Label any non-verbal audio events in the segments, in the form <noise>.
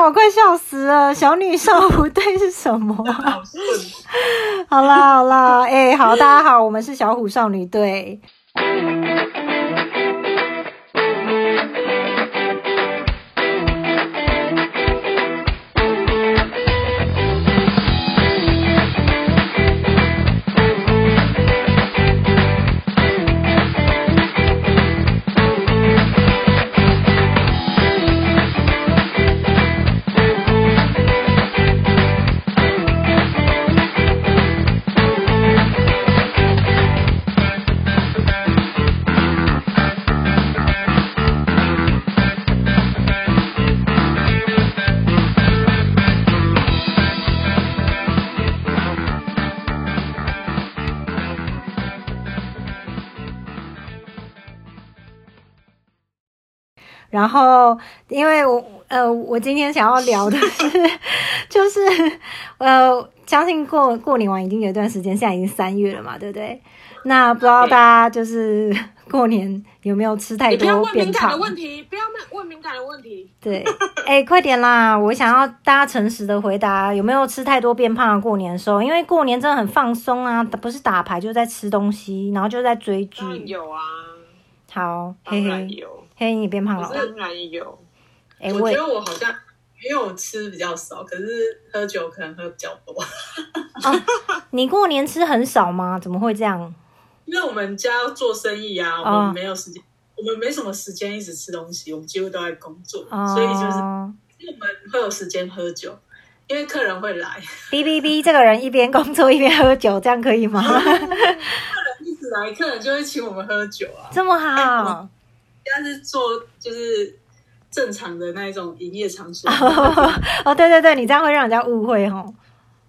我快笑死了！小女少虎隊是什麼？好啦 <laughs> <laughs> 好啦，哎、欸，好，大家好，我們是小虎少女隊。 <noise> 然後，因為我呃，我今天想要聊的是， <laughs> 就是呃，相信過過年完已經有一段時間，現在已經三月了嘛，對不對？那不知道大家就是 Okay. 過年有沒有吃太多變胖的問題？不要問敏感的問題，不要問敏感的問題。對，哎、 <laughs> 欸，快點啦！我想要大家誠實的回答，有沒有吃太多變胖過年的時候，因為過年真的很放鬆啊，不是打牌就是，在吃東西，然後就在追劇。有啊。好，嘿嘿，嘿，你變胖了、哦。當然有，欸、我覺得我好像，沒有吃比較少，欸、可是喝酒可能喝比較多。哦、 <laughs> 你過年吃很少嗎？怎麼會這樣？因為我們家做生意啊，我們沒有時間，哦、我們沒什麼時間一直吃東西，我們幾乎都在工作，哦、所以就是我們會有時間喝酒，因為客人會來。B B B，這個人一邊工作一邊喝酒，這樣可以嗎？嗯 <laughs> 來客人就會請我們喝酒啊。這麼好！哎，我現在做就是正常的那一種營業場所哦，oh, oh, 對對對，你這樣會讓人家誤會哦。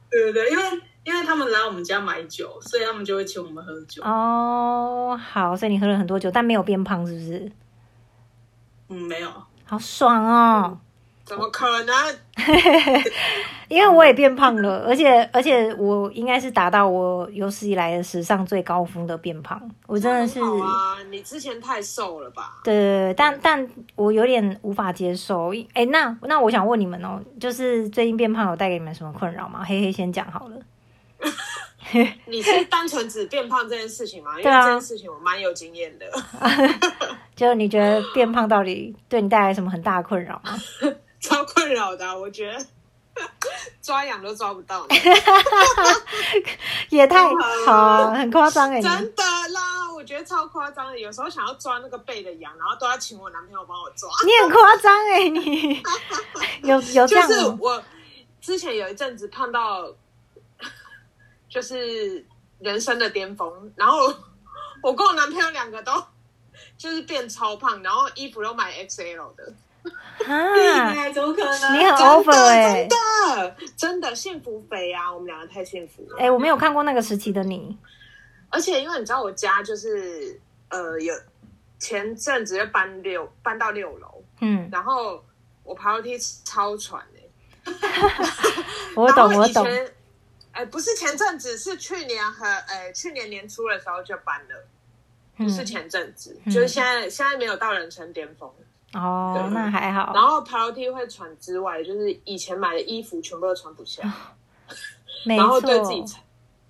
對對對，因為因為他們來我們家買酒，所以他們就會請我們喝酒哦，oh, 好，所以你喝了很多酒，但沒有變胖是不是？嗯，沒有，好爽哦。嗯，怎麼可能、啊？ <laughs> 因為我也變胖了，而且而且我應該是達到我有史以來的史上最高峰的變胖，我真的是。哇、啊，你之前太瘦了吧？對但但我有點無法接受。欸、那那我想問你們哦、喔，就是最近變胖有帶給你們什麼困擾嗎？嘿嘿，先講好了。 <laughs> <laughs> 你是單純指變胖這件事情嗎？對啊。這件事情我蠻有經驗的。 <laughs> <laughs> 就你覺得變胖到底對你帶來什麼很大的困擾嗎？超困擾的、啊，我覺得抓癢，都抓不到， <laughs> 也太好了 <laughs> 好、啊，很誇張哎！真的啦，我覺得超誇張。有時候想要抓那個背的癢，然後都要請我男朋友幫我抓。你很誇張哎，你 <laughs> 有有這樣，就是我之前有一陣子胖到就是人生的巔峰，然後我跟我男朋友兩個都就是變超胖，然後衣服都買 XL 的。哈、欸，怎麼可能？你很 over 哎，真的真的幸福肥啊！我們兩個太幸福了。哎、欸，我沒有看過那個時期的你。而且因為你知道，我家就是呃，有前陣子搬六搬到六樓，嗯，然後我爬樓梯超喘哎、欸。我 <laughs> 懂我懂。哎懂、欸，不是前陣子，是去年和哎、欸、去年年初的時候就搬了，不、嗯、是前陣子，嗯，就是現在現在沒有到人生巔峰。哦，oh, 對那還好。然後爬樓梯會喘之外，就是以前買的衣服全部都穿不下，錯然後對自己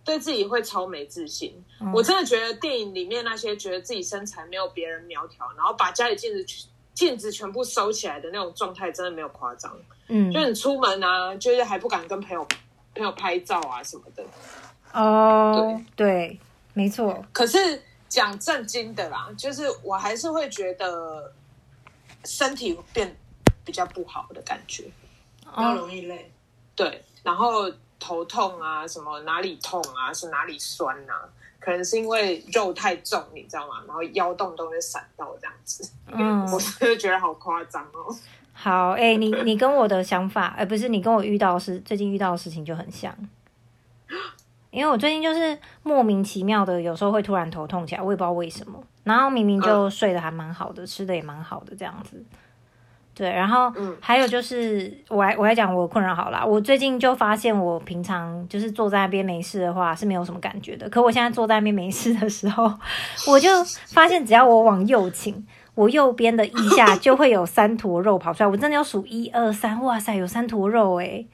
對自己會超沒自信。嗯、我真的覺得電影裡面那些覺得自己身材沒有別人苗條，然後把家裡鏡子鏡子全部收起來的那種狀態，真的沒有誇張。嗯，就你出門啊，就是還不敢跟朋友朋友拍照啊什麼的。哦、oh, 對，對，沒錯。可是講正經的啦，就是我還是會覺得。身體變比較不好的感覺，比較、哦、容易累，對，然後頭痛啊，什麼哪裡痛啊，是哪裡酸啊，可能是因為肉太重，你知道嗎？然後腰動都會閃到這樣子，嗯，我是，是覺得好誇張哦。好，哎、欸，你你跟我的想法， <laughs> 呃、不是你跟我遇到是最近遇到的事情就很像，因為我最近就是莫名其妙的，有時候會突然頭痛起來，我也不知道為什麼。然後明明就睡得還蠻好的，啊、吃的也蠻好的，這樣子。對，然後還有就是，嗯、我來我來講我困擾好了。我最近就發現我平常就是坐在那邊沒事的話是沒有什麼感覺的，可我現在坐在那邊沒事的時候，我就發現只要我往右傾，我右邊的腋下就會有三坨肉跑出來，我真的要數一二三，哇塞，有三坨肉哎、欸。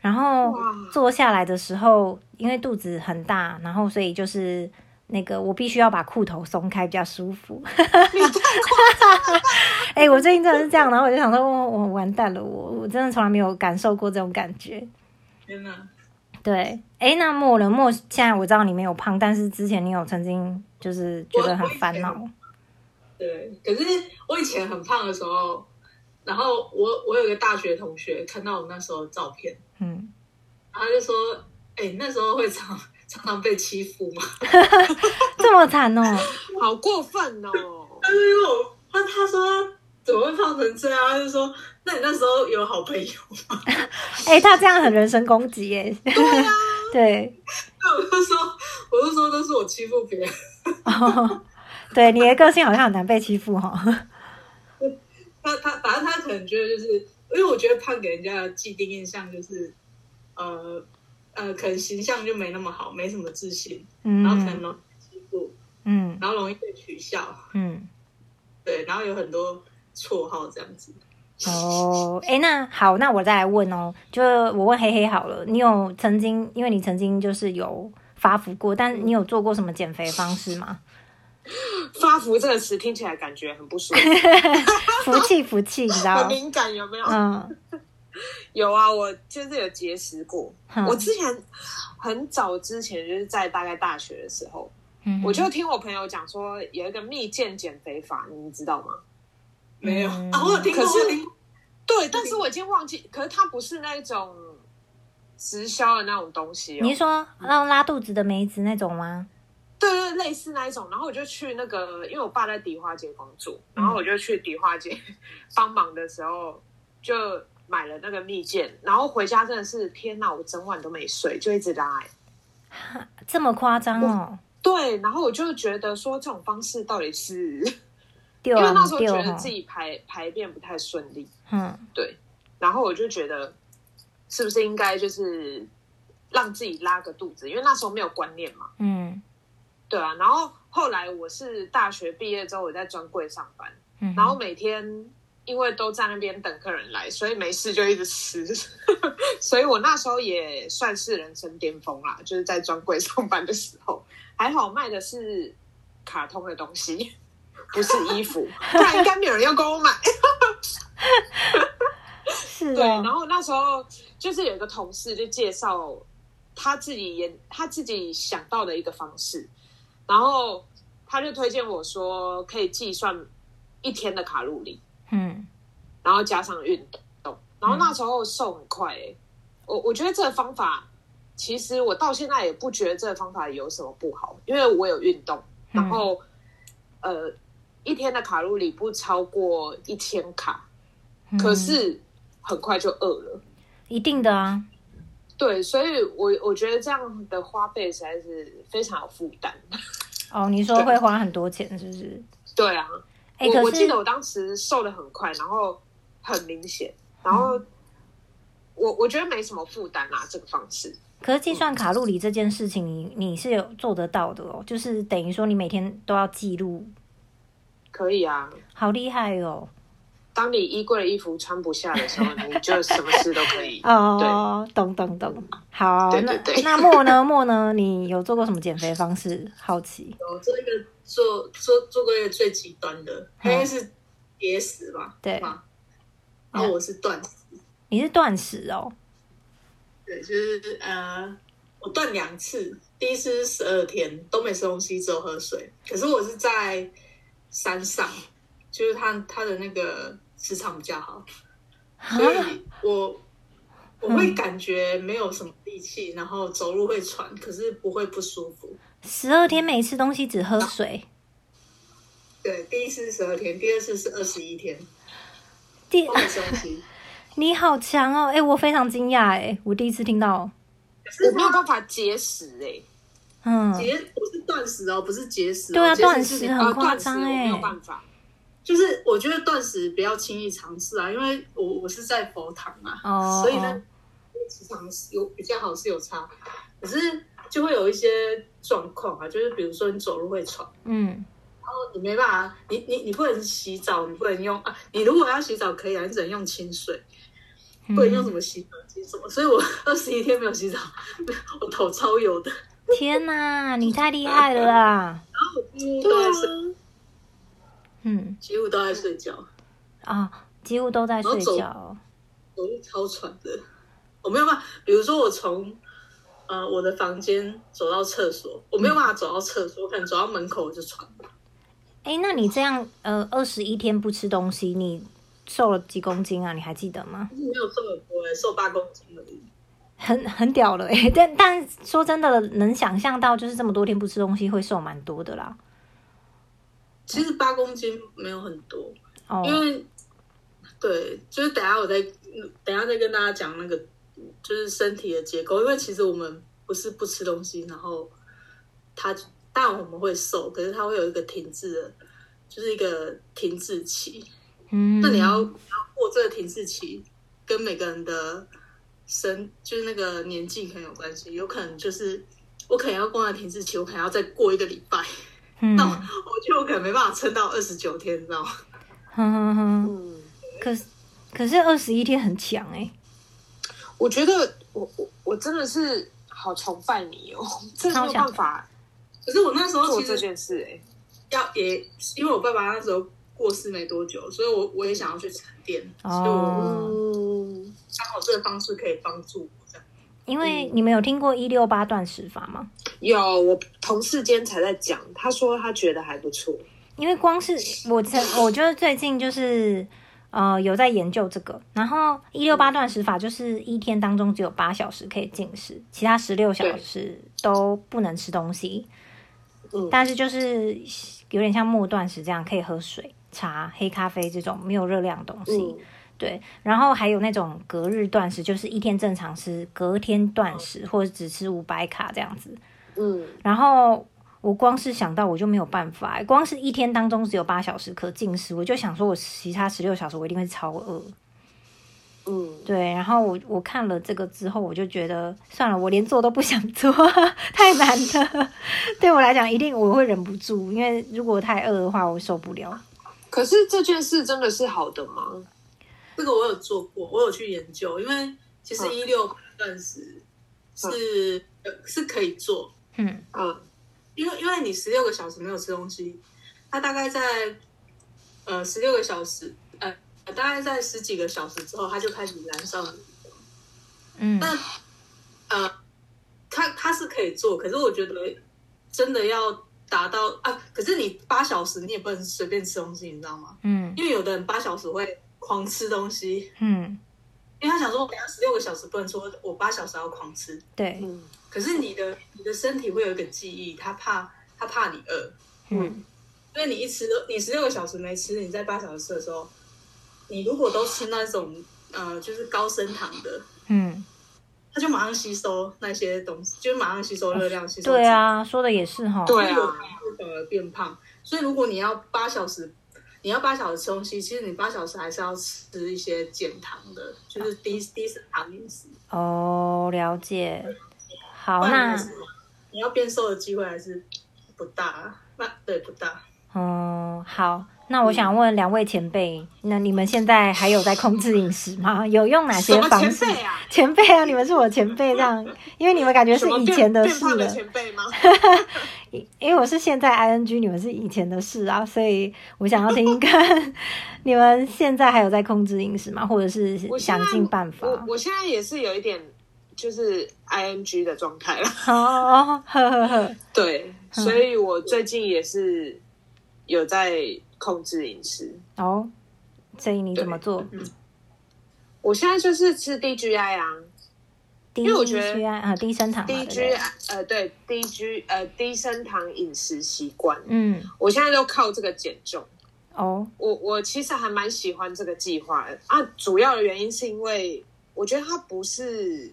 然後坐下來的時候，因為肚子很大，然後所以就是。那個，我必須要把褲頭鬆開，比較舒服。哎、 <laughs> 欸，我最近真的是這樣，然後我就想說，我完蛋了，我我真的從來沒有感受過這種感覺。天哪！對。哎、欸，那莫了莫，現在我知道你沒有胖，但是之前你有曾經就是覺得很煩惱。對，可是我以前很胖的時候，然後我我有一個大學同學看到我那時候的照片，嗯，他就說，哎、欸，那時候會長，常常被欺負嗎？ <laughs> 這麼慘哦、喔，好過分哦、喔！但是因為我他他說他怎麼會胖成這樣？他就說，那你那時候有好朋友嗎？哎、 <laughs> 欸，他這樣很人身攻擊耶！對，那我就說，我就說都是我欺負別人。 <laughs> oh, 對，你的個性好像很難被欺負哈 <laughs> 他他反正他可能覺得就是，因為我覺得胖給人家的既定印象就是呃。呃，可能形象就沒那麼好，沒什麼自信，然後可能欺負，嗯，然後容易被、嗯、取笑，嗯，對，然後有很多綽號這樣子。哦，哎，那好，那我再來問哦，就我問黑黑好了，你有曾經，因為你曾經就是有發福過，嗯、但你有做過什麼減肥方式嗎？發福這個詞聽起來感覺很不舒服， <laughs> 福氣福氣，你知道嗎？很敏感有沒有？嗯。有啊，我就是有節食過。嗯、我之前很早之前就是在大概大學的時候，嗯、哼我就聽我朋友講說有一個蜜餞減肥法，你們知道嗎？嗯、沒有啊，我聽過。對，但是我已經忘記。嗯、可是它不是那種直銷的那種東西、哦。你說那種拉肚子的梅子那種嗎？對對，對，類似那一種。然後我就去那個，因為我爸在迪化街工作，然後我就去迪化街幫忙的時候就。買了那個蜜餞，然後回家真的是天哪！我整晚都沒睡，就一直拉。欸，這麼誇張哦？對，然後我就覺得說這種方式到底是，掉了因為那時候我覺得自己排掉了排便不太順利，嗯，對。然後我就覺得是不是應該就是讓自己拉個肚子？因為那時候沒有觀念嘛，嗯，對啊。然後後來我是大學畢業之後，我在專櫃上班，嗯、哼然後每天，因為都在那邊等客人來，所以沒事就一直吃。 <laughs> 所以我那時候也算是人生巔峰啦，就是在專櫃上班的時候，還好賣的是卡通的東西，不是衣服，不然 <laughs> 應該沒有人要跟我買。 <laughs> <laughs> 是、哦，對。然後那時候就是有一個同事就介紹他自己也他自己想到的一個方式，然後他就推薦我說可以計算一天的卡路里。嗯，然後加上運動，然後那時候瘦很快、欸。嗯、我我覺得這個方法，其實我到現在也不覺得這個方法有什麼不好，因為我有運動，然後、嗯、呃，一天的卡路里不超過一千卡，嗯、可是很快就餓了，一定的啊。對，所以我我覺得這樣的花費實在是非常有負擔。哦，你說會花很多錢是不是？對，對啊。欸、我我記得我當時瘦的很快，然後很明顯，然後、嗯、我我覺得沒什麼負擔啊，這個方式。可是計算卡路里這件事情，你是有做得到的哦，嗯、就是等於說你每天都要記錄，可以啊，好厲害哦。當你衣櫃的衣服穿不下的時候，你就什麼事都可以。 <laughs> 哦，懂懂懂，好，對對對，那那莫呢？莫 <laughs> 呢？你有做過什麼減肥方式？好奇。有做一個做做做過一個最極端的，應該是野死吧？嗯、嘛對。然後我是斷食，你是斷食哦？對，就是呃，我斷兩次，第一次是十二天，都沒吃東西，只有喝水。可是我是在山上。就是他他的那個磁場比較好，蛤所以我我會感覺沒有什麼力氣，嗯、然後走路會喘，可是不會不舒服。十二天沒吃東西只喝水。啊，對，第一次是十二天，第二次是二十一天。第二，好你好強哦！哎，我非常驚訝，哎，我第一次聽到，我沒有辦法節食。欸，哎不，嗯，節我是斷食哦，不是節食。哦，對啊，食、欸、啊，斷食很誇張，哎。沒有辦法。就是我覺得斷食不要輕易嘗試啊，因為我我是在佛堂啊，Oh. 所以呢，常是有嘗試有比較好，是有差，可是就會有一些狀況啊，就是比如說你走路會喘，嗯，然後你沒辦法，你你你不能洗澡，你不能用，啊、你如果要洗澡可以啊，你只能用清水，嗯、不能用什麼洗髮精什麼，所以我二十一天沒有洗澡，我頭超油的， <laughs> 天哪、啊，你太厲害了，啦！ <laughs> 然後、嗯嗯幾，哦，幾乎都在睡覺啊、哦，幾乎都在睡覺，走路超喘的。我沒有辦法，比如說我從呃我的房間走到廁所，我沒有辦法走到廁所，嗯、我可能走到門口我就喘。哎、欸，那你這樣呃二十一天不吃東西，你瘦了幾公斤啊？你還記得嗎？沒有瘦很多，瘦八公斤而已，很很屌了哎。但但說真的，能想象到就是這麼多天不吃東西會瘦蠻多的啦。其實八公斤沒有很多，oh. 因為對，就是等下我再等下再跟大家講那個，就是身體的結構。因為其實我們不是不吃東西，然後它但我們會瘦，可是它會有一個停滯的，就是一個停滯期。嗯，mm. 那你要要過這個停滯期，跟每個人的身就是那個年紀很有關係。有可能就是我可能要過了停滯期，我可能要再過一個禮拜。嗯，那我覺得我可能沒辦法撐到二十九天，你知道嗎？哼哼哼。可可是二十一天很強哎、欸，我覺得我我我真的是好崇拜你哦、喔，這的沒有辦法。可是我那時候其實做這件事哎、欸，要也因為我爸爸那時候過世沒多久，所以我我也想要去沉澱，就、哦、以剛好這個方式可以幫助。因為你們有聽過一六八斷食法嗎？有，我同事今天才在講，他說他覺得還不錯。因為光是我，我就是最近就是呃有在研究這個，然後一六八斷食法就是一天當中只有八小時可以進食，其他十六小時都不能吃東西。對但是就是有點像末斷食這樣，可以喝水、茶、黑咖啡這種沒有熱量的東西。嗯對，然後還有那種隔日斷食，就是一天正常吃，隔天斷食，或者只吃五百卡這樣子。嗯，然後我光是想到我就沒有辦法，光是一天當中只有八小時可進食，我就想說我其他十六小時我一定會超餓。嗯，對，然後我我看了這個之後，我就覺得算了，我連做都不想做，呵呵太難了。 <laughs> 對我來講，一定我會忍不住，因為如果太餓的話，我受不了。可是這件事真的是好的嗎？這個我有做過，我有去研究，因為其實一六八斷食是是可以做，嗯啊、呃，因為因為你十六個小時沒有吃東西，它大概在呃十六個小時，呃大概在十幾個小時之後，它就開始燃燒，嗯，那呃，它他是可以做，可是我覺得真的要達到啊，可是你八小時你也不能隨便吃東西，你知道嗎？嗯，因為有的人八小時會狂吃東西，嗯，因為他想說，我要十六個小時，不能說我八小時要狂吃，對，嗯。可是你的你的身體會有一個記憶，他怕他怕你餓，嗯。嗯，所以你一吃，你十六個小時沒吃，你在八小時的時候，你如果都吃那種呃，就是高升糖的，嗯，他就馬上吸收那些東西，就是馬上吸收熱量，哦、吸收。對啊，說的也是哈，有的對啊，反而變胖。所以如果你要八小時，你要八小時吃東西，其實你八小時還是要吃一些減糖的，啊、就是低低升糖飲食。哦，oh, 了解。對好，那你，你要變瘦的機會還是不大。那對不大。嗯，好。那我想問兩位前輩，嗯，那你們現在還有在控制飲食嗎？有用哪些方式？前輩啊，前輩啊，你們是我前輩，這樣，因為你們感覺是以前的事了。的前輩嗎？ <laughs> 因為我是現在 ing，你們是以前的事啊，所以我想要聽一個， <laughs> 你們現在還有在控制飲食嗎？或者是我想尽辦法？我我現在也是有一點，就是 ing 的狀態了。哦，呵呵呵，對， <laughs> 所以我最近也是有在。控制飲食哦，所以你怎麼做？嗯，我現在就是吃低 GI 啊，因為我覺得低 GI，啊，低升糖低 GI 呃，對低 GI 呃，低升糖飲食習慣。嗯，我現在都靠這個減重哦。我我其實還蠻喜歡這個計劃的啊，主要的原因是因為我覺得它不是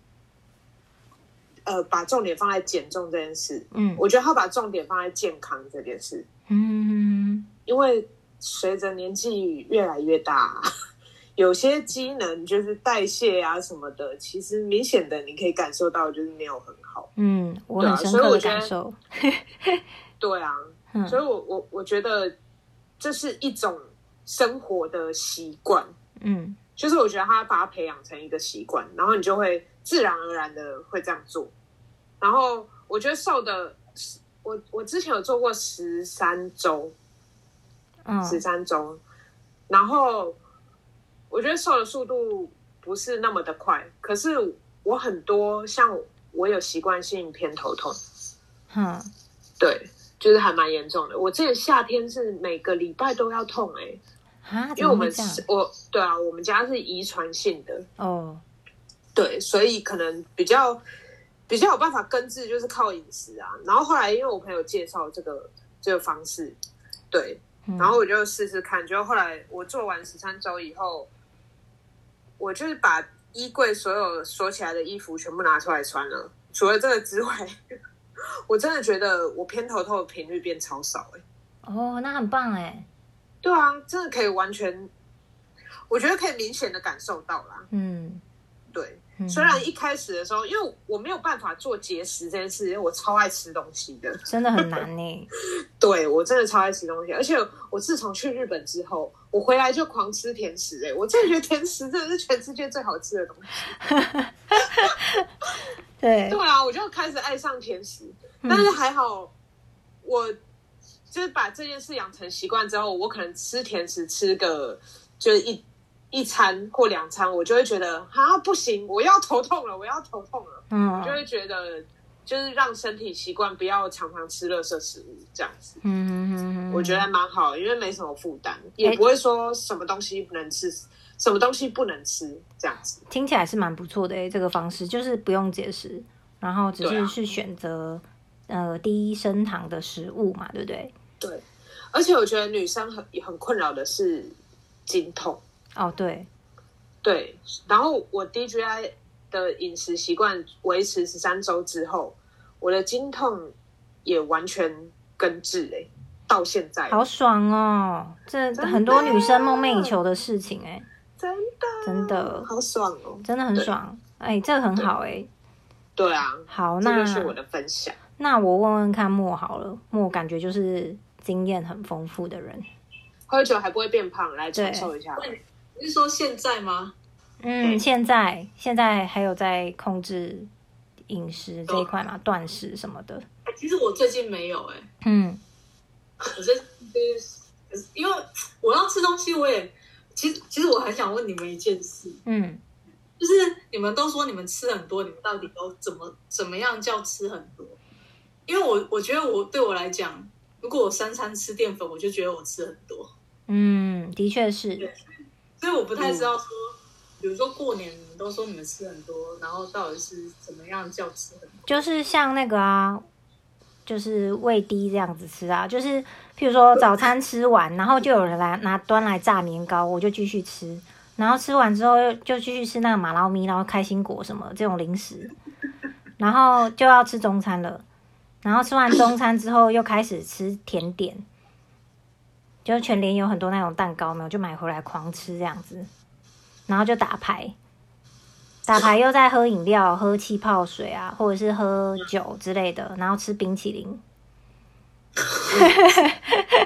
呃把重點放在減重這件事，嗯，我覺得它把重點放在健康這件事，嗯，因為。隨着年紀越來越大，有些機能就是代謝啊什麼的，其實明顯的你可以感受到就是沒有很好。嗯，我很深刻的感受。對啊，所以我覺得，對啊，所以，我我我覺得這是一種生活的習慣。嗯，就是我覺得他把它培養成一個習慣，然後你就會自然而然的會這樣做。然後，我覺得瘦的，我我之前有做過十三週。十三中，然後我覺得瘦的速度不是那麼的快，可是我很多像我有習慣性偏頭痛，嗯，對，就是還蠻嚴重的。我之前夏天是每個禮拜都要痛哎、欸，哈因為我們我對啊，我們家是遺傳性的哦，對，所以可能比較比較有辦法根治就是靠飲食啊。然後後來因為我朋友介紹這個這個方式，對。然後我就試試看，就後來我做完十三周以後，我就是把衣櫃所有鎖起來的衣服全部拿出來穿了，除了這個之外，我真的覺得我偏頭痛的頻率變超少哎！哦，那很棒哎！對啊，真的可以完全，我覺得可以明顯的感受到啦。嗯，對。雖然一開始的時候，因為我沒有辦法做節食這件事，因為我超愛吃東西的，真的很難呢、欸。 <laughs> 對，我真的超愛吃東西，而且我自從去日本之後，我回來就狂吃甜食、欸，哎，我真的覺得甜食真的是全世界最好吃的東西。 <laughs> <laughs> 對，對啊，我就開始愛上甜食，但是還好我，我就是把這件事養成習慣之後，我可能吃甜食吃個就是一。一餐或兩餐，我就會覺得，啊，不行，我要頭痛了，我要頭痛了。嗯，我就會覺得，就是讓身體習慣不要常常吃垃圾食物這樣子。嗯、mm hmm. 我覺得還蠻好，因為沒什麼負擔，也不會說什麼東西不能吃，欸、什麼東西不能吃這樣子。聽起來是蠻不錯的、欸、這個方式就是不用節食，然後只是是選擇、啊、呃低升糖的食物嘛，對不對？對，而且我覺得女生很很困擾的是經痛。哦，oh, 對，對，然後我低 GI 的飲食習慣維持十三週之後，我的經痛也完全根治誒，到現在好爽哦，這很多女生夢寐以求的事情誒，真的、啊、真的好爽哦，真的很爽，哎對，這很好哎，對啊，好，那這就是我的分享，那我問問看莫好了，莫感覺就是經驗很豐富的人，喝酒還不會變胖，來承對受一下吧。你是說現在嗎？嗯，對現在現在還有在控制飲食這一塊嗎？斷對食什麼的？其實我最近沒有哎、欸。嗯，可是因為我要吃東西，我也其實其實我很想問你們一件事。嗯，就是你們都說你們吃很多，你們到底都怎麼怎麼樣叫吃很多？因為我我覺得我對我來講，如果我三餐吃澱粉，我就覺得我吃很多。嗯，的確是。所以我不太知道說，哦、比如說過年你們都說你們吃很多，然後到底是怎麼樣叫吃很多？就是像那個啊，就是味滴這樣子吃啊，就是譬如說早餐吃完，然後就有人來拿端來炸年糕，我就繼續吃，然後吃完之後又就繼續吃那個馬撈咪，然後開心果什麼這種零食，然後就要吃中餐了，然後吃完中餐之後又開始吃甜點。 <laughs> 就全聯有很多那種蛋糕沒有，就買回來狂吃這樣子，然後就打牌，打牌又在喝飲料，喝氣泡水啊，或者是喝酒之類的，然後吃冰淇淋。 <laughs>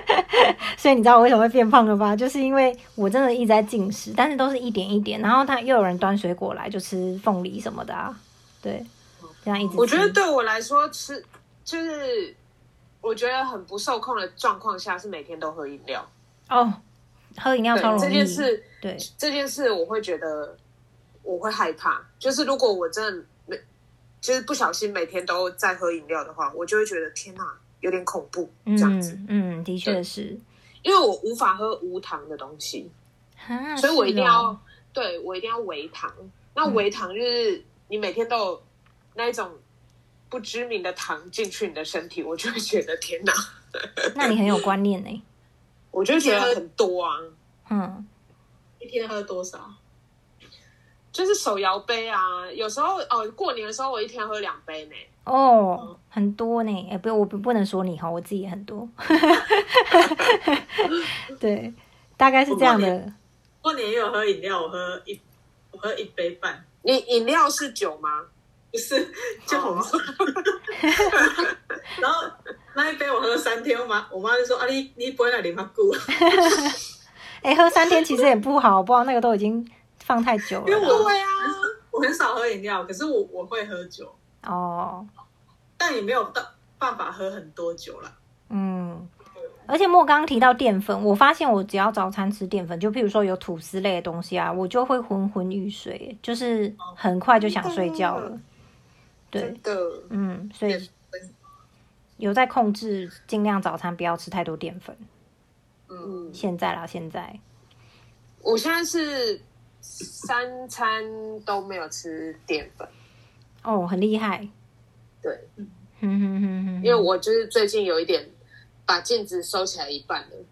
<laughs> 所以你知道我為什麼會變胖了吧？就是因為我真的一直在進食，但是都是一點一點，然後他又有人端水果來，就吃鳳梨什麼的啊，對，這樣一直。我覺得對我來說吃就是。我覺得很不受控的狀況下是每天都喝飲料哦，喝飲料超容易。這件事，對，這件事，我會覺得我會害怕。就是如果我真的每，就是不小心每天都在喝飲料的話，我就會覺得天哪，有點恐怖、嗯、這樣子嗯。嗯，的確是因為我無法喝無糖的東西，哈所以我一定要的對，我一定要微糖。那微糖就是你每天都有那一種。不知名的糖進去你的身體，我就會覺得天哪！ <laughs> 那你很有觀念呢。 <laughs> 我就覺得很多啊，嗯，一天喝多少？就是手搖杯啊，有時候哦，過年的時候我一天要喝兩杯呢。哦、oh, 嗯，很多呢，哎，不，我不不能說你哈，我自己也很多。 <laughs> <laughs> <laughs> 對，大概是這樣的。過年也有喝飲料，我喝一，我喝一杯半。你飲料是酒嗎？不是就好喝，哦、 <laughs> 然後那一杯我喝了三天，我媽我媽就說：“啊，你你不會來連麻姑？”哎、 <laughs> 欸，喝三天其實也不好， <laughs> 不知道那個都已經放太久了。對啊，是我很少喝飲料，可是我我會喝酒哦，但也沒有辦法喝很多酒了。嗯，而且莫剛提到澱粉，我發現我只要早餐吃澱粉，就譬如說有吐司類的東西啊，我就會昏昏欲睡，就是很快就想睡覺了。嗯對，這個、嗯，所以有在控制，盡量早餐不要吃太多澱粉。嗯，現在啦，現在，我現在是三餐都沒有吃澱粉。哦，很厲害。對，嗯哼哼哼哼，因為我就是最近有一點把鏡子收起來一半了。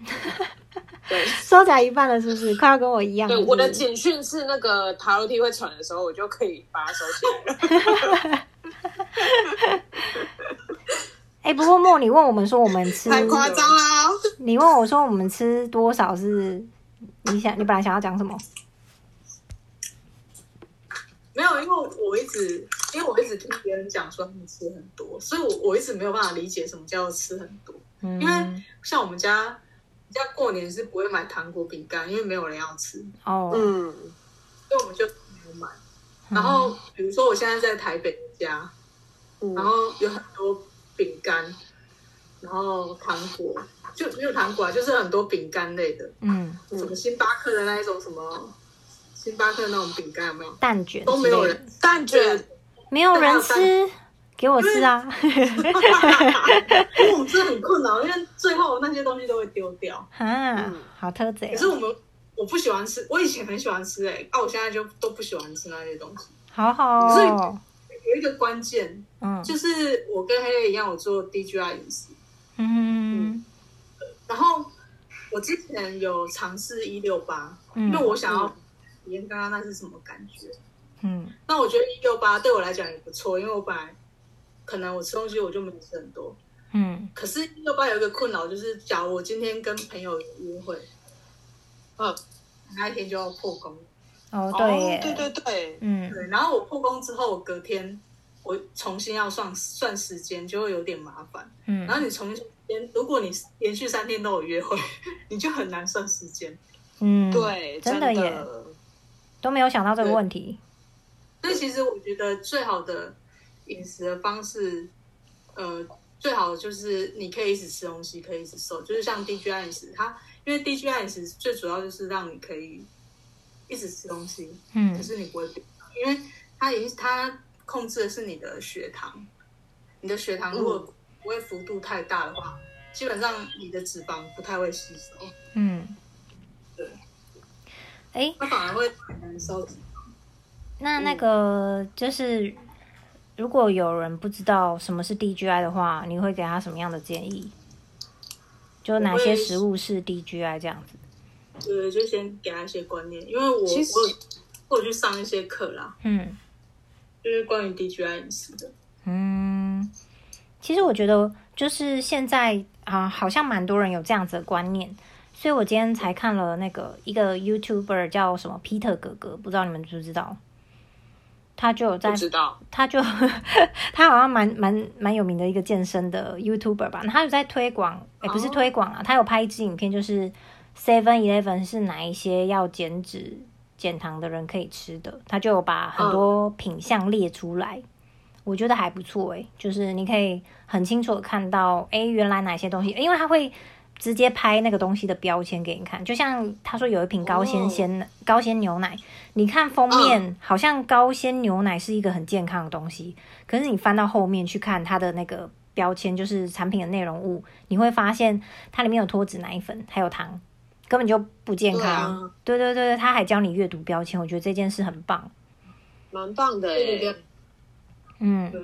<laughs> 對，收起來一半了，是不是？快要跟我一樣。對，是是我的警訊是那個爬樓梯會喘的時候，我就可以把它收起來了。哎，不過莫，你問我們說我們吃太誇張啦！你問我說我們吃多少是？你想，你本來想要講什麼？沒有，因為我一直因為我一直聽別人講說他們吃很多，所以我我一直沒有辦法理解什麼叫吃很多。嗯，因為像我們家。家過年是不會買糖果餅乾，因為沒有人要吃。哦，oh. 嗯，所以我們就沒有買。嗯、然後，比如說我現在在台北家，嗯、然後有很多餅乾，然後糖果就沒有糖果，就是很多餅乾類的。嗯，什麼星巴克的那一種，什麼星巴克的那種餅乾有沒有？蛋卷都沒有人，蛋卷沒有人吃。給我吃啊！哦，這很困難，因為最後那些東西都會丟掉哈、嗯、好偷賊、哦、可是我們我不喜歡吃，我以前很喜歡吃誒、欸啊，我現在就都不喜歡吃那些東西，好好哦。有一個關鍵，嗯，就是我跟黑黑一樣，我做低 GI 飲食，嗯哼嗯。然後我之前有嘗試一六八，因為我想要體驗剛剛那是什麼感覺，嗯。那我覺得一六八對我來講也不錯，因為我本來。可能我吃東西，我就沒吃很多。嗯，可是六八有一個困擾，就是假如我今天跟朋友約會、嗯啊，那一天就要破功。哦，哦對，對對對，嗯，對。然後我破功之後，我隔天我重新要算算時間，就會有點麻煩。嗯，然後你重新如果你連續三天都有約會， <laughs> 你就很難算時間。嗯，對，真的，真的都沒有想到這個問題。所以其實我覺得最好的飲食的方式，呃，最好就是你可以一直吃東西，可以一直瘦。就是像低 GI 飲食，它，因為低 GI 飲食最主要就是讓你可以一直吃東西，嗯，可是你不會，因為它影響它控制的是你的血糖，你的血糖如果不會幅度太大的話，嗯、基本上你的脂肪不太會吸收，嗯，對，哎，那反而會很難瘦。那那個就是。如果有人不知道什麼是 DGI 的話，你會給他什麼樣的建議？就哪些食物是 DGI 這樣子？對，就先給他一些觀念，因為我我我去上一些課啦。嗯，就是關於 DGI 飲食的。嗯，其實我覺得就是現在啊，好像蠻多人有這樣子的觀念，所以我今天才看了那個一個 YouTuber 叫什麼 Peter 哥哥，不知道你們知不知道？他就有在，知道，他就呵呵他好像蠻蠻蠻有名的一個健身的 YouTuber 吧。他有在推廣，哎、欸，不是推廣啊，oh? 他有拍一支影片，就是 Seven Eleven 是哪一些要減脂減糖的人可以吃的。他就有把很多品項列出來，oh. 我覺得還不錯誒、欸，就是你可以很清楚的看到，哎、欸，原來哪些東西，欸、因為他會直接拍那個東西的標籤給你看，就像他說有一瓶高纖鮮、oh. 高鮮牛奶。你看封面，uh, 好像高鮮牛奶是一個很健康的東西，可是你翻到後面去看它的那個標籤，就是產品的內容物，你會發現它裡面有脫脂奶粉，還有糖，根本就不健康。對、uh, 對對對，他還教你閱讀標籤，我覺得這件事很棒，蠻棒的。嗯，對，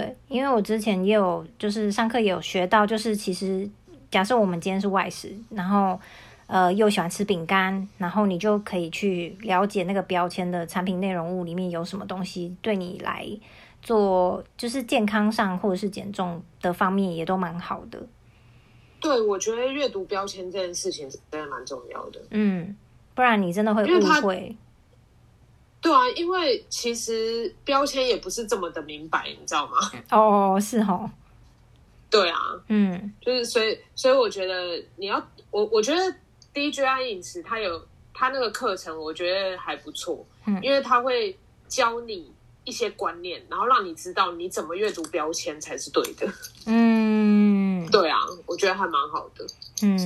對，因為我之前也有，就是上課也有學到，就是其實假設我們今天是外食，然後。呃，又喜歡吃餅乾，然後你就可以去了解那個標籤的產品內容物裡面有什麼東西，對你來做就是健康上或者是減重的方面也都蠻好的。對，我覺得閱讀標籤這件事情真的蠻重要的。嗯，不然你真的會誤會。對啊，因為其實標籤也不是這麼的明白，你知道嗎？哦，是哦。對啊，嗯，就是所以，所以我覺得你要我，我覺得。D J I 飲食，他有他那個課程，我覺得還不錯，嗯、因為他會教你一些觀念，然後讓你知道你怎麼閱讀標籤才是對的。嗯，對啊，我覺得還蠻好的。嗯，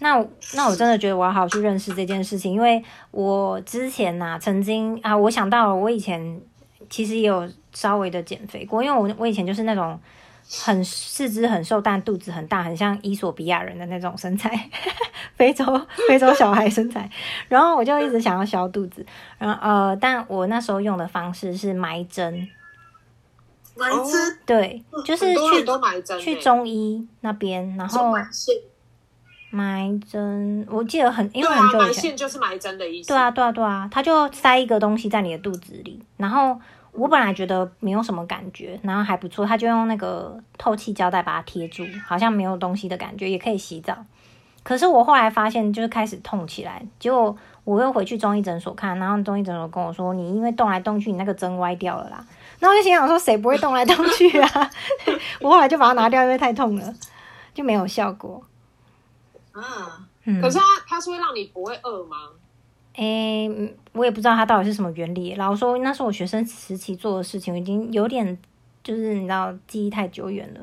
那那我真的覺得我要好好去認識這件事情，因為我之前吶、啊、曾經啊，我想到了我以前其實也有稍微的減肥過，因為我我以前就是那種。很四肢很瘦，但肚子很大，很像伊索比亞人的那種身材，非洲非洲小孩身材。然後我就一直想要消肚子，然後呃，但我那時候用的方式是埋針，埋針子、哦，對，嗯、就是去很多很多去中醫那邊，然後埋針。我記得很，因為很久以前、啊、就是埋針的意思對，啊對啊，對啊，對啊，他就塞一個東西在你的肚子裡，然後。我本來覺得沒有什麼感覺，然後還不錯，他就用那個透氣膠帶把它貼住，好像沒有東西的感覺，也可以洗澡。可是我後來發現，就是開始痛起來。結果我又回去中醫診所看，然後中醫診所跟我說，你因為動來動去，你那個針歪掉了啦。那我就心想說，誰不會動來動去啊？ <laughs> <laughs> 我後來就把它拿掉，因為太痛了，就沒有效果。啊，嗯。可是他他說讓你不會餓嗎？哎，我也不知道它到底是什麼原理。然後說那是我學生時期做的事情，我已經有點就是你知道記憶太久遠了。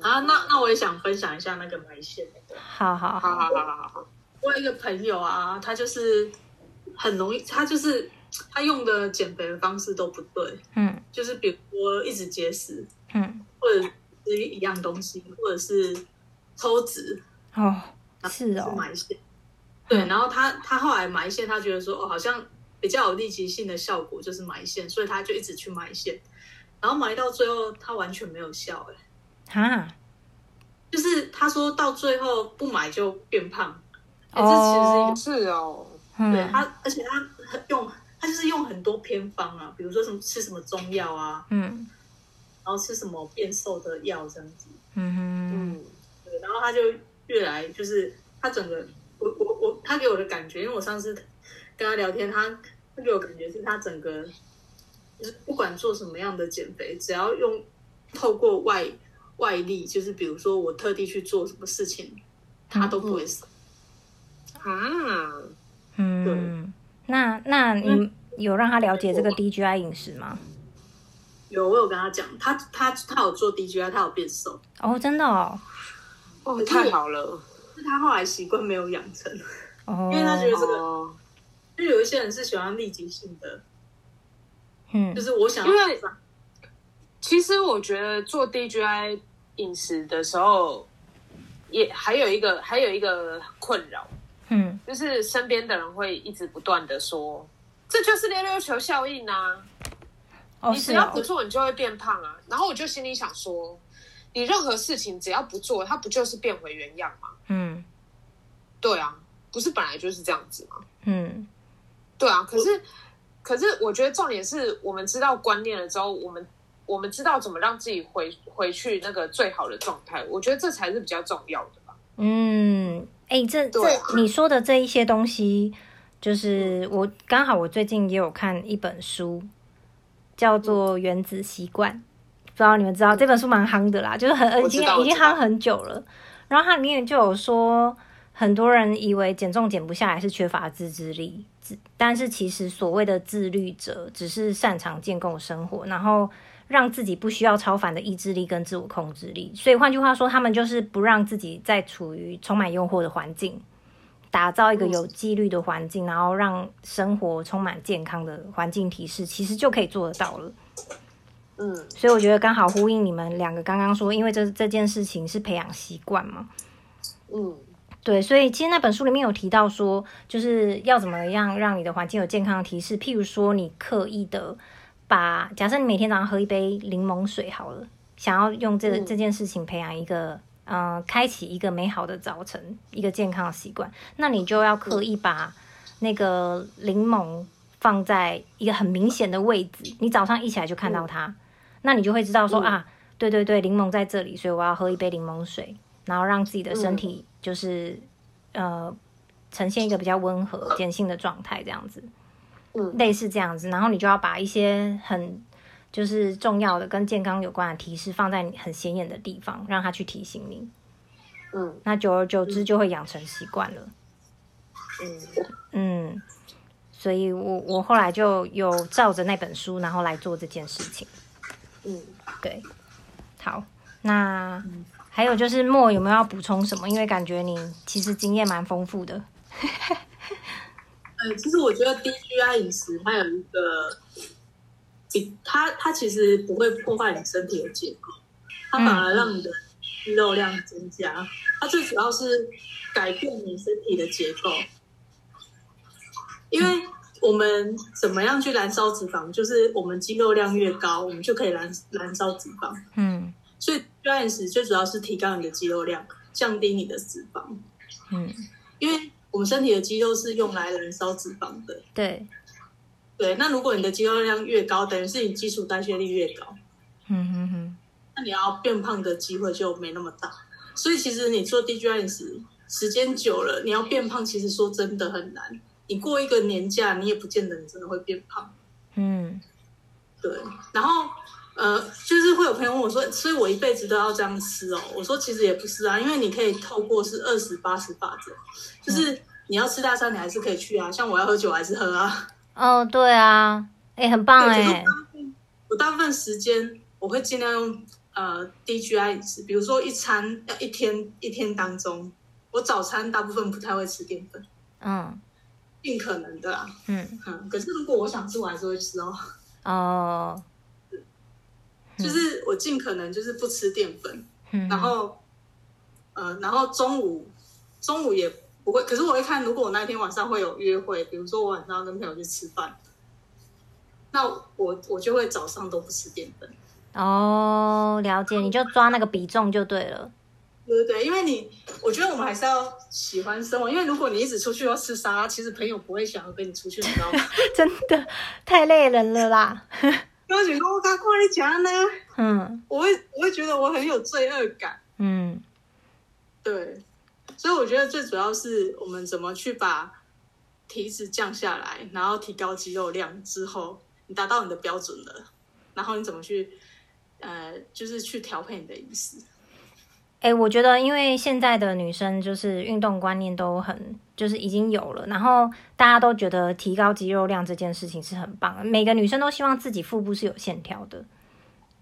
啊，那那我也想分享一下那個埋線。好好，好好好好好好好。我有一個朋友啊，他就是很容易，他就是他用的減肥的方式都不對，嗯，就是比如我一直節食，嗯，或者吃一樣東西，或者是抽脂哦，是哦，是埋線。對，然後他他後來埋線，他覺得說哦，好像比較有立即性的效果，就是埋線，所以他就一直去埋線，然後埋到最後他完全沒有效哎，哈，就是他說到最後不埋就變胖，哎，這其實是一個哦，是哦嗯、對他，而且他很用他就是用很多偏方啊，比如說什麼吃什麼中藥啊，嗯，然後吃什麼變瘦的藥這樣子，嗯哼對，然後他就越來就是他整個。他給我的感覺，因為我上次跟他聊天，他，他給我感覺是他整個、就是、不管做什麼樣的減肥，只要用透過外外力，就是比如說我特地去做什麼事情，他都不會死。嗯嗯啊。嗯，對，那那你有讓他了解這個低 GI 飲食嗎？有，我有跟他講，他他他有做低 GI，他有變瘦哦，真的哦，哦太好了，是他後來習慣沒有養成。因為他覺得這個，就、哦、有一些人是喜歡立即性的，嗯，就是我想因為其實我覺得做 DJI 飲食的時候，也還有一個還有一個困擾，嗯，就是身邊的人會一直不斷的說，嗯、這就是溜溜球效應啊，哦、你只要不做，你就會變胖啊。哦、然後我就心裡想說，你任何事情只要不做，它不就是變回原樣嗎？嗯，對啊。不是本來就是這樣子嗎？嗯，對啊。可是，嗯、可是，我覺得重點是我們知道觀念了之後，我們我們知道怎麼讓自己回回去那個最好的狀態。我覺得這才是比較重要的吧。嗯，哎、欸，這、啊、這你說的這一些東西，就是我剛好我最近也有看一本書，叫做《原子習慣》，嗯、不知道你們知道這本書蠻夯的啦，就是很已經已經夯很久了。然後它裡面就有說。很多人以為減重減不下來是缺乏自制力，但是其實所謂的自律者只是擅長建構生活，然後讓自己不需要超凡的意志力跟自我控制力。所以換句話說，他們就是不讓自己再處於充滿誘惑的環境，打造一個有紀律的環境，然後讓生活充滿健康的環境提示，其實就可以做得到了。嗯，所以我覺得剛好呼應你們兩個剛剛說，因為這這件事情是培養習慣嘛。嗯。對，所以其實那本書裡面有提到說，就是要怎麼樣讓你的環境有健康的提示。譬如說，你刻意的把，假設你每天早上喝一杯檸檬水好了，想要用這這件事情培養一個，嗯，呃、開啟一個美好的早晨，一個健康的習慣，那你就要刻意把那個檸檬放在一個很明顯的位置，你早上一起來就看到它，嗯、那你就會知道說、嗯、啊，對對對，對，檸檬在這裡，所以我要喝一杯檸檬水，然後讓自己的身體。就是，呃，呈現一個比較溫和、鹼性的狀態，這樣子，嗯，類似這樣子。然後你就要把一些很就是重要的、跟健康有關的提示放在你很顯眼的地方，讓他去提醒你。嗯，那久而久之就會養成習慣了。嗯嗯，所以我我後來就有照着那本書，然後來做這件事情。嗯，對，好，那。嗯還有就是莫有沒有要補充什麼？因為感覺你其實經驗蠻豐富的。呃、 <laughs> 嗯，其實我覺得低 GI 飲食它有一個，它它其實不會破壞你身體的結構，它反而讓你的肌肉量增加。它最主要是改變你身體的結構，因為我們怎麼樣去燃燒脂肪？就是我們肌肉量越高，我們就可以燃燃燒脂肪。嗯。所以 d r y n e s 最主要是提高你的肌肉量，降低你的脂肪。嗯，因為我們身體的肌肉是用來燃燒脂肪的。對，對。那如果你的肌肉量越高，等於是你基礎代謝率越高。嗯哼哼。那你要變胖的機會就沒那麼大。所以，其實你做 DJ 乾時時間久了，你要變胖，其實說真的很難。你過一個年假，你也不見得你真的會變胖。嗯，對。然後。呃，就是會有朋友問我說，嗯、所以我一輩子都要這樣吃哦？我說其實也不是啊，因為你可以透過是二十八十八這樣，就是你要吃大餐，你還是可以去啊。嗯、像我要喝酒，還是喝啊。哦對啊，哎、欸，很棒哎、欸就是。我大部分時間我會盡量用呃低 GI 吃，比如說一餐要一天一天當中，我早餐大部分不太會吃澱粉，嗯，尽可能的啊，嗯,嗯，可是如果我想吃，我還是會吃哦。哦。就是我盡可能就是不吃澱粉，嗯、哼然後，呃，然後中午中午也不會，可是我會看，如果我那一天晚上會有約會，比如說我晚上跟朋友去吃飯，那我我就會早上都不吃澱粉。哦，了解，後你就抓那個比重就對了，對對，因為你我覺得我們還是要喜歡生活，因為如果你一直出去要吃沙，其實朋友不會想要跟你出去 <laughs> 的，你知道嗎？真的太累人了啦。 <laughs> 高級，我剛過來講呢？嗯，我會，我會覺得我很有罪惡感。嗯，對，所以我覺得最主要是我們怎麼去把體脂降下來，然後提高肌肉量之後，你達到你的標準了，然後你怎麼去呃，就是去調配你的飲食。哎、欸，我覺得，因為現在的女生就是運動觀念都很，就是已經有了，然後大家都覺得提高肌肉量這件事情是很棒，每個女生都希望自己腹部是有線條的。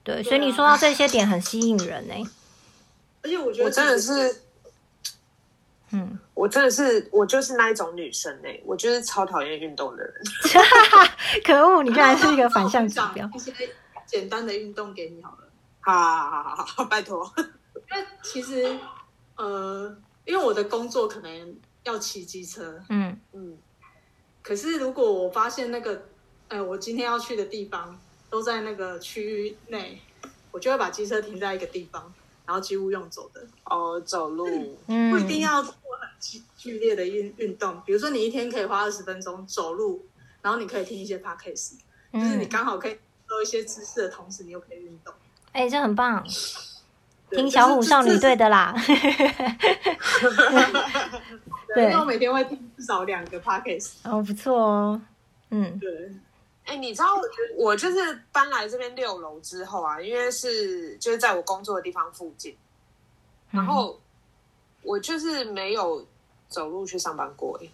對，對啊、所以你說到這些點很吸引人呢、欸。而且我覺得真的是，嗯，我真的是，我就是那一種女生呢、欸，我就是超討厭運動的人。 <laughs> <laughs> 可惡，你居然是一個反向指標。 <laughs> 一些簡單的運動給你好了。好，好好好，拜托。其實，呃，因為我的工作可能要騎機車，嗯嗯。可是如果我發現那個，哎、欸，我今天要去的地方都在那個區域內，我就會把機車停在一個地方，然後幾乎用走的。哦，走路，嗯，不一定要做很劇烈的運運動。嗯、比如說，你一天可以花二十分鐘走路，然後你可以聽一些 podcast、嗯、就是你剛好可以做一些知識的同時，你又可以運動。哎、欸，這很棒。對聽小虎少女隊的啦，對，我每天會聽至少兩個 podcast 哦，不錯哦，嗯，對，哎、欸，你知道，我就是搬來這邊六樓之後啊，因為是就是在我工作的地方附近，然後我就是沒有走路去上班過。哎、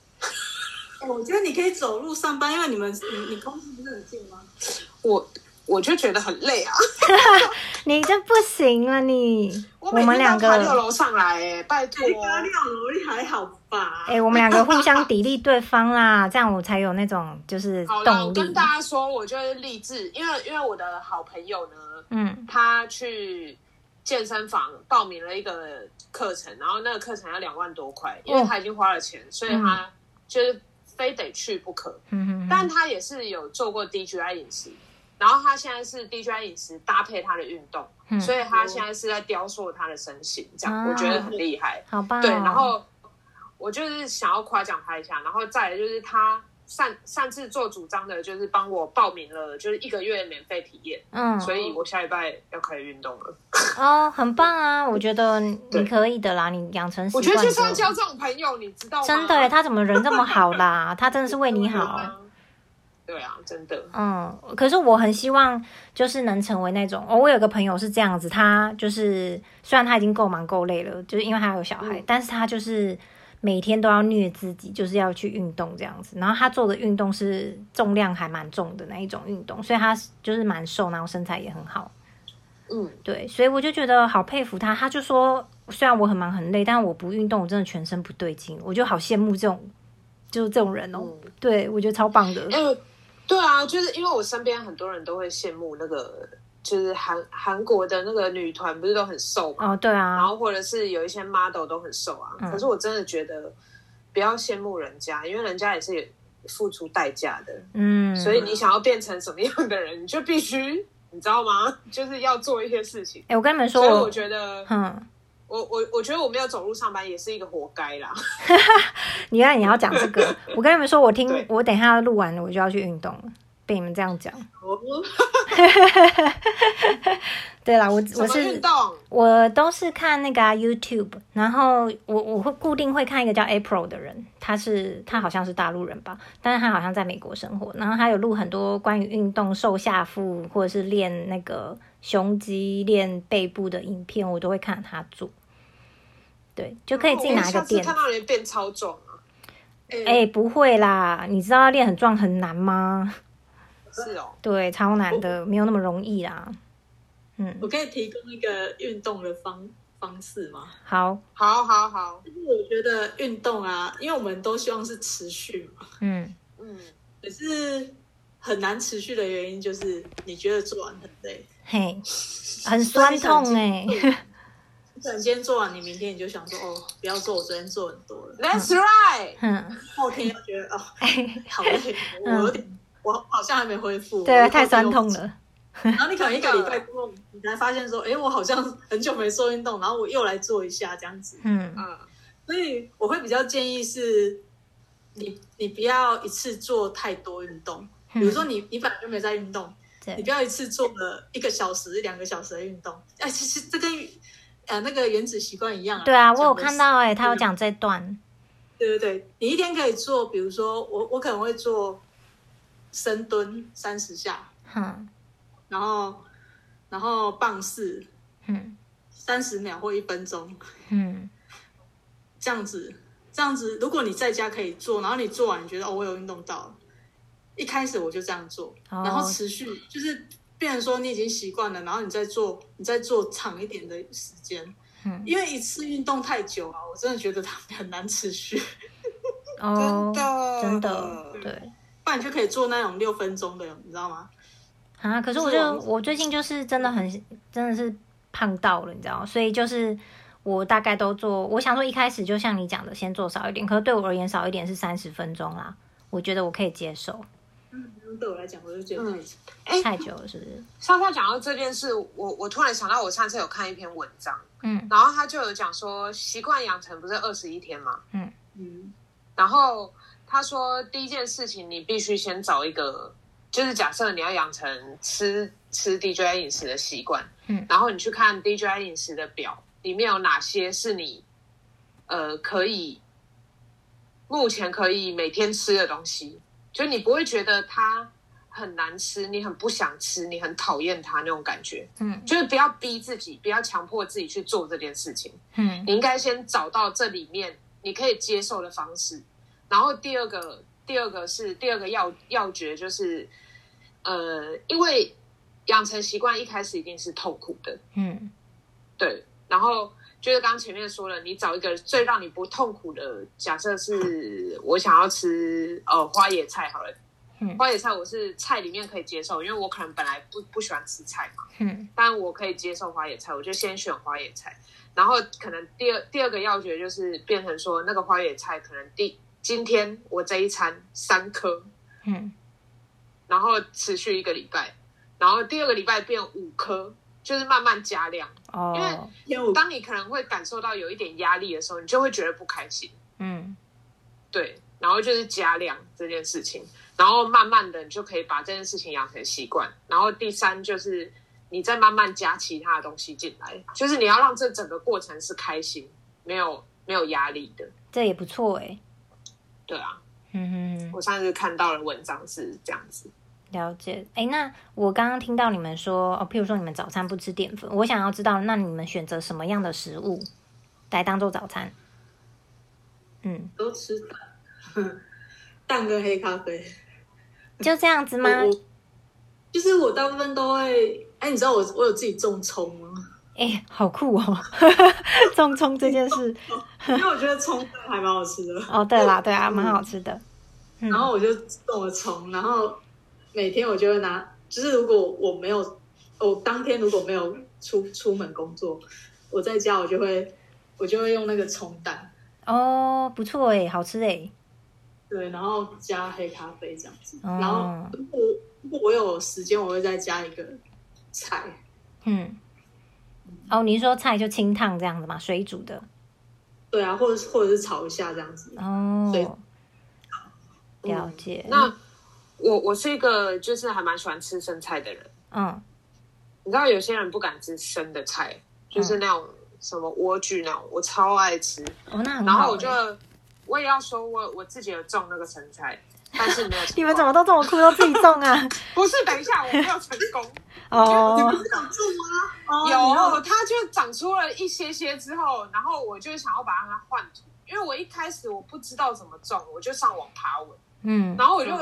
嗯，我覺得你可以走路上班，因為你們你你公司不是很近嗎？我。我就覺得很累啊！ <laughs> 你這不行了，你我們兩個六樓上來，拜託六樓，還好吧？哎，我們兩個互相砥礪對方啦， <laughs> 這樣我才有那種就是動力。好，跟大家說，我就是勵志，因為因為我的好朋友呢，嗯，他去健身房報名了一個課程，然後那個課程要兩萬多塊，因為他已經花了錢，哦、所以他就是非得去不可。嗯嗯哼，但他也是有做過 DGI 飲食。然後他現在是低 GI 飲食搭配他的運動，嗯、所以他現在是在雕塑他的身形，這樣、哦、我覺得很厲害。好棒、哦！對，然後我就是想要誇獎他一下，然後再來就是他擅擅自做主張的，就是幫我報名了，就是一個月免費體驗。嗯。所以我下禮拜要可以運動了。哦，很棒啊！我覺得你可以的啦，對你養成習慣你我覺得就算交這種朋友，你知道嗎？真的、欸，他怎麼人這麼好啦？ <laughs> 他真的是為你好。對啊，真的。嗯，可是我很希望就是能成為那種，哦，我有個朋友是這樣子，他就是雖然他已經夠忙夠累了，就是因為他有小孩，嗯、但是他就是每天都要虐自己，就是要去運動這樣子。然後他做的運動是重量還蠻重的那一種運動，所以他就是蠻瘦，然後身材也很好。嗯，對，所以我就覺得好佩服他。他就說，雖然我很忙很累，但我不運動，我真的全身不對勁。我就好羨慕這種，就是這種人哦。嗯、對，我覺得超棒的。欸對啊，就是因為我身邊很多人都會羨慕那個，就是韓韓國的那個女團，不是都很瘦嗎？哦，對啊。然後或者是有一些 model 都很瘦啊，嗯。可是我真的覺得不要羨慕人家，因為人家也是付出代價的。嗯。所以你想要變成什麼樣的人，你就必須，你知道嗎？就是要做一些事情。哎，我跟你們說，所以我覺得，嗯。我我我覺得我們要走路上班也是一個活該啦。你啊，你要講這個，我跟你們說，我聽對我等下錄完了，我就要去運動了。被你們這樣講， <laughs> 對啦，我我是運動，我都是看那個、啊、YouTube，然後我我會固定會看一個叫 April 的人，他是他好像是大陸人吧，但是他好像在美國生活，然後他有錄很多關於運動、瘦下腹或者是練那個胸肌、練背部的影片，我都會看他做。對，好就可以自己拿一個墊。我看到人變超壯啊！哎、欸，欸、不會啦，你知道練很壯很難嗎？是哦、喔。對，超難的，不沒有那麼容易啦。嗯。我可以提供一個運動的方方式嗎？好，好,好,好，好，好。就是我覺得運動啊，因為我們都希望是持續嘛。嗯嗯。可是很難持續的原因就是你覺得做完很累，嘿，很酸痛哎、欸。 <laughs> 突然今天做完，你明天你就想說哦，不要做，我昨天做很多了。That's right！嗯。嗯、後天又覺得哦，欸、好累，我有點，嗯、我好像還沒恢復。對、啊，太酸痛了。然後你可能一個禮拜之後，你才發現說，哎、 <laughs> 欸，我好像很久沒做運動，然後我又來做一下這樣子。嗯嗯。所以我會比較建議是你，你你不要一次做太多運動。嗯、比如說你你本來就沒在運動，對你不要一次做了一個小時、兩個小時的運動。哎，其實這跟。呃、啊，那個原子習慣一樣啊，對啊，我有看到哎、欸，對對，他有講這段。對對對，你一天可以做，比如說我我可能會做深蹲三十下，嗯然，然後然後棒式，嗯，三十秒或一分鐘，嗯，這樣子這樣子，如果你在家可以做，然後你做完你覺得哦，我有運動到了。一開始我就這樣做，哦、然後持續就是。雖然說你已經習慣了，然後你再做，你再做長一點的時間，嗯，因為一次運動太久啊，我真的覺得它很難持續。哦，oh, <laughs> 的，真的，對，不然你就可以做那種六分鐘的，你知道嗎？啊，可是我就我最近就是真的很真的是胖到了，你知道嗎？所以就是我大概都做，我想說一開始就像你講的，先做少一點，可是對我而言，少一點是三十分鐘啦，我覺得我可以接受。嗯，對我來講，我就覺得哎，嗯欸，太久了，是不是？莎莎講到這件事，我我突然想到，我上次有看一篇文章，嗯，然後他就有講說，習慣養成不是二十一天嗎？嗯嗯，然後他說，第一件事情，你必須先找一個，就是假設你要養成吃吃 D J 飲食的習慣，嗯，然後你去看 D J 飲食的表，裡面有哪些是你呃可以目前可以每天吃的東西。就你不會覺得它很難吃，你很不想吃，你很討厭它那種感覺，嗯，就是不要逼自己，不要強迫自己去做這件事情，嗯，你應該先找到這裡面你可以接受的方式。然後第二個，第二個是第二個要要訣就是，呃，因為養成習慣一開始一定是痛苦的，嗯，對，然後。就是剛前面說了，你找一個最讓你不痛苦的，假設是，我想要吃哦花椰菜好了，花椰菜我是菜裡面可以接受，因為我可能本來不不喜歡吃菜嘛，嗯，但我可以接受花椰菜，我就先選花椰菜，然後可能第二第二個要訣就是變成說那個花椰菜可能第今天我這一餐三顆，嗯，然後持續一個禮拜，然後第二個禮拜變五顆。就是慢慢加量，oh. 因為當你可能會感受到有一點壓力的時候，你就會覺得不開心。嗯，對，然後就是加量這件事情，然後慢慢的你就可以把這件事情養成習慣。然後第三就是你再慢慢加其他的東西進來，就是你要讓這整個過程是開心，沒有沒有壓力的。這也不錯誒、欸。對啊，嗯哼，我上次看到的文章是這樣子。了解，哎、欸，那我剛剛聽到你們說，哦，譬如說你們早餐不吃澱粉，我想要知道，那你們選擇什麼樣的食物來當做早餐？嗯，都吃蛋，蛋跟黑咖啡，就這樣子嗎？就是我大部分都會，哎、欸，你知道我我有自己種蔥嗎？哎、欸，好酷哦！ <laughs> 種蔥這件事，因為我覺得蔥還蠻好吃的。哦，對啦，對啊，蠻好吃的。嗯嗯、然後我就種了蔥，然後。每天我就會拿，就是如果我沒有，我當天如果沒有出出門工作，我在家我就會我就會用那個蔥蛋哦，不錯欸，好吃欸，對，然後加黑咖啡這樣子，哦、然後如果如果我有時間，我會再加一個菜，嗯，哦，你說菜就清燙這樣子嗎？水煮的，對啊，或者或者是炒一下這樣子哦，對以，了解，那。我我是一個就是還蠻喜歡吃生菜的人，嗯，你知道有些人不敢吃生的菜，就是那種什麼萵苣那種，我超愛吃。然後我就我也要說我我自己有種那個生菜，但是沒有。你們怎麼都這麼酷，要自己種啊？不是，等一下我沒有成功哦，你不是想種嗎？有，它就長出了一些些之後，然後我就想要把它換土，因為我一開始我不知道怎麼種，我就上網爬文，嗯，然後我就。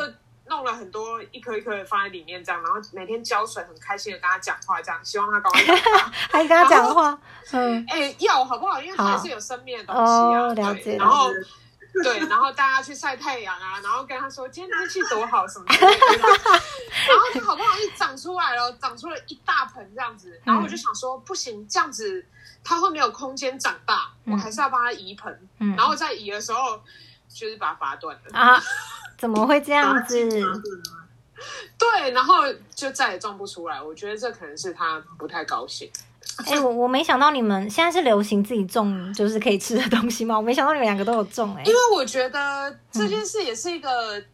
弄了很多一顆一顆放在裡面，這樣，然後每天澆水，很開心的跟他講話，這樣，希望他高興，還跟他講話，嗯，哎，要好不好？因為還是有生命的東西啊，了解，然後，對，然後大家去曬太陽啊，然後跟他說今天天氣多好什麼的，然後它好不容易長出來了，長出了一大盆這樣子，然後我就想說不行，這樣子它會沒有空間長大，我還是要幫他移盆，嗯，然後在移的時候就是把它拔斷了啊。怎麼會這樣子？對，然後就再也種不出來。我覺得這可能是他不太高興。哎、欸，我我沒想到你們現在是流行自己種，就是可以吃的東西嗎？我沒想到你們兩個都有種、欸。因為我覺得這件事也是一個、嗯。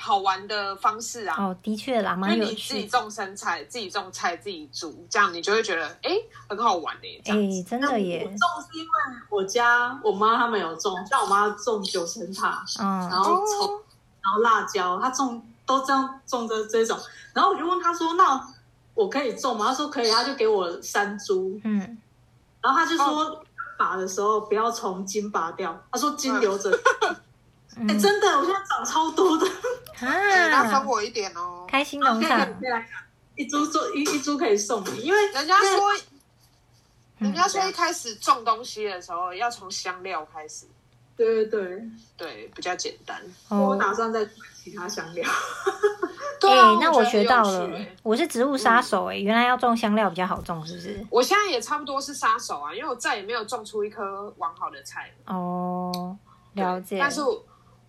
好玩的方式啊！哦，的確啦，因為你自己種生菜，自己種菜，自己煮，這樣你就會覺得哎、欸，很好玩的、欸。對、欸，真的耶！我種是因為我家我媽她們有種，但我媽種九層塔，嗯，然後蔥、哦、然後辣椒，她種都這樣種着這種。然後我就問她說：“那我可以種嗎？”她說：“可以。”她就給我三株，嗯。然後她就說：“哦、拔的時候不要從莖拔掉。”她說莖：“莖留着。” <laughs> 哎，真的，我現在長超多的，大家幫我一點哦。開心農場，一株做，一一株可以送你，因為人家說，人家說一開始種東西的時候要從香料開始。對對對，對，比較簡單。我打算再種其他香料。對，那我學到了，我是植物殺手。哎，原來要種香料比較好種，是不是？我現在也差不多是殺手啊，因為我再也沒有種出一顆完好的菜了。哦，了解。但是。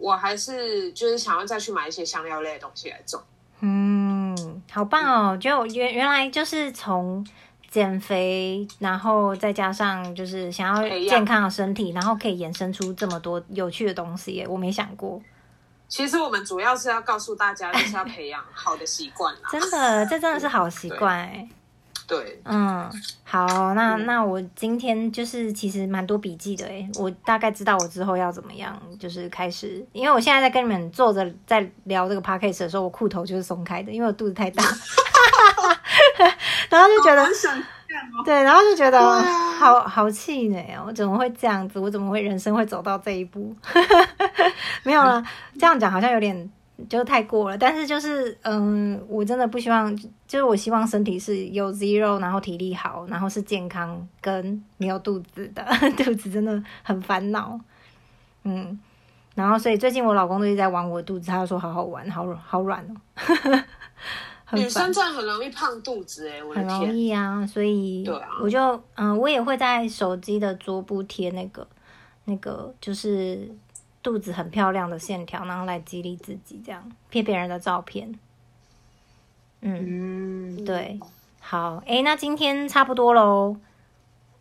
我還是就是想要再去買一些香料類的東西來種。嗯，好棒哦！就原原來就是從減肥，然後再加上就是想要健康的身體，哎、呀然後可以延伸出這麼多有趣的東西，我沒想過。其實我們主要是要告訴大家，就是要培養好的習慣啦 <laughs> 真的，這真的是好習慣、欸。對，嗯，好，那那我今天就是其實蠻多筆記的誒，我大概知道我之後要怎麼樣，就是開始，因為我現在在跟你們坐着在聊這個 podcast 的時候，我褲頭就是鬆開的，因為我肚子太大， <laughs> 然後就覺得、喔、對，然後就覺得好好氣餒哦，我怎麼會這樣子，我怎麼會人生會走到這一步， <laughs> 沒有了，這樣講好像有點。就太過了，但是就是，嗯，我真的不希望，就是我希望身體是有肌肉，然後體力好，然後是健康，跟沒有肚子的呵呵，肚子真的很煩惱。嗯，然後所以最近我老公都一直在玩我肚子，他就說好好玩，好軟好軟哦。女生這樣很容易胖肚子哎，我很容易啊，所以我就嗯，我也會在手機的桌布貼那個那個就是。肚子很漂亮的線條，然後來激勵自己，這樣騙別人的照片。嗯，嗯對，好，哎、欸，那今天差不多嘍，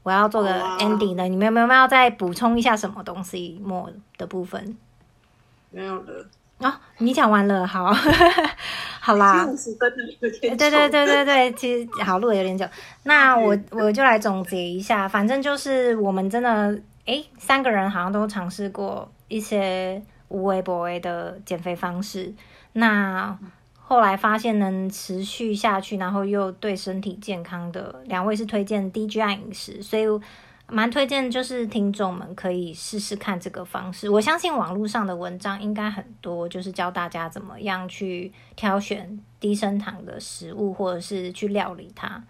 我要做個 ending 了，啊、你們有沒有要再補充一下什麼東西 more 的部分？沒有了啊，你講完了，好 <laughs> <laughs> 好啦、欸，對對對對對，其實好錄得有點久， <laughs> 那我我就來總結一下，反正就是我們真的哎、欸，三個人好像都嘗試過。一些無為不為的,的減肥方式，那後來發現能持續下去，然後又對身體健康的兩位是推薦低 GI 飲食，所以蠻推薦就是聽眾們可以試試看這個方式。我相信網絡上的文章應該很多，就是教大家怎麼樣去挑選低升糖的食物，或者是去料理它。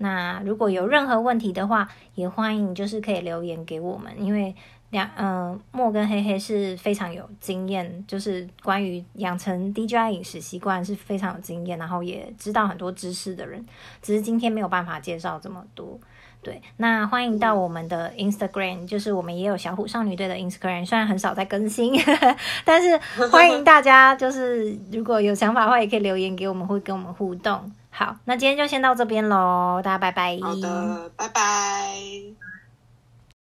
那如果有任何問題的話，也歡迎就是可以留言給我們，因為。兩嗯，莫跟黑黑是非常有經驗，就是關於養成 DJI 飲食習慣是非常有經驗，然後也知道很多知識的人，只是今天沒有辦法介紹這麼多。對，那歡迎到我們的 Instagram，就是我們也有小虎少女隊的 Instagram，雖然很少在更新，呵呵，但是歡迎大家，就是如果有想法的話，也可以留言給我們，會跟我們互動。好，那今天就先到這邊嘍，大家拜拜。好的，拜拜。